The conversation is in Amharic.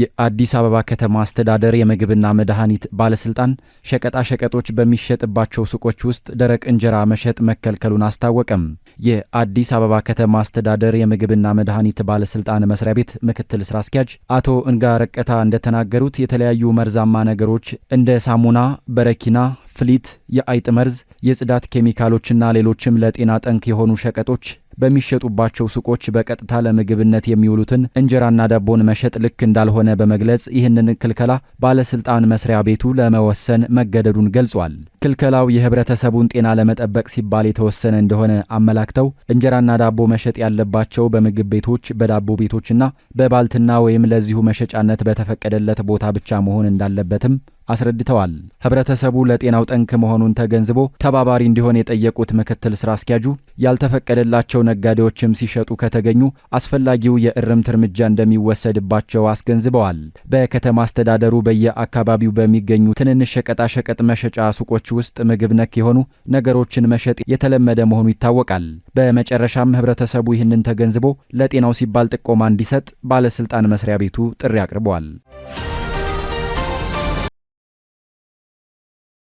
የአዲስ አበባ ከተማ አስተዳደር የምግብና መድኃኒት ባለስልጣን ሸቀጣሸቀጦች በሚሸጥባቸው ሱቆች ውስጥ ደረቅ እንጀራ መሸጥ መከልከሉን አስታወቀም። የአዲስ አበባ ከተማ አስተዳደር የምግብና መድኃኒት ባለስልጣን መስሪያ ቤት ምክትል ስራ አስኪያጅ አቶ እንጋ ረቀታ እንደተናገሩት የተለያዩ መርዛማ ነገሮች እንደ ሳሙና፣ በረኪና ፍሊት፣ የአይጥ መርዝ፣ የጽዳት ኬሚካሎችና ሌሎችም ለጤና ጠንክ የሆኑ ሸቀጦች በሚሸጡባቸው ሱቆች በቀጥታ ለምግብነት የሚውሉትን እንጀራና ዳቦን መሸጥ ልክ እንዳልሆነ በመግለጽ ይህንን ክልከላ ባለስልጣን መስሪያ ቤቱ ለመወሰን መገደዱን ገልጿል። ክልከላው የህብረተሰቡን ጤና ለመጠበቅ ሲባል የተወሰነ እንደሆነ አመላክተው እንጀራና ዳቦ መሸጥ ያለባቸው በምግብ ቤቶች፣ በዳቦ ቤቶችና በባልትና ወይም ለዚሁ መሸጫነት በተፈቀደለት ቦታ ብቻ መሆን እንዳለበትም አስረድተዋል። ህብረተሰቡ ለጤናው ጠንክ መሆኑን ተገንዝቦ ተባባሪ እንዲሆን የጠየቁት ምክትል ስራ አስኪያጁ ያልተፈቀደላቸው ነጋዴዎችም ሲሸጡ ከተገኙ አስፈላጊው የእርምት እርምጃ እንደሚወሰድባቸው አስገንዝበዋል። በከተማ አስተዳደሩ በየአካባቢው በሚገኙ ትንንሽ ሸቀጣሸቀጥ መሸጫ ሱቆች ውስጥ ምግብ ነክ የሆኑ ነገሮችን መሸጥ የተለመደ መሆኑ ይታወቃል። በመጨረሻም ህብረተሰቡ ይህንን ተገንዝቦ ለጤናው ሲባል ጥቆማ እንዲሰጥ ባለስልጣን መስሪያ ቤቱ ጥሪ አቅርቧል።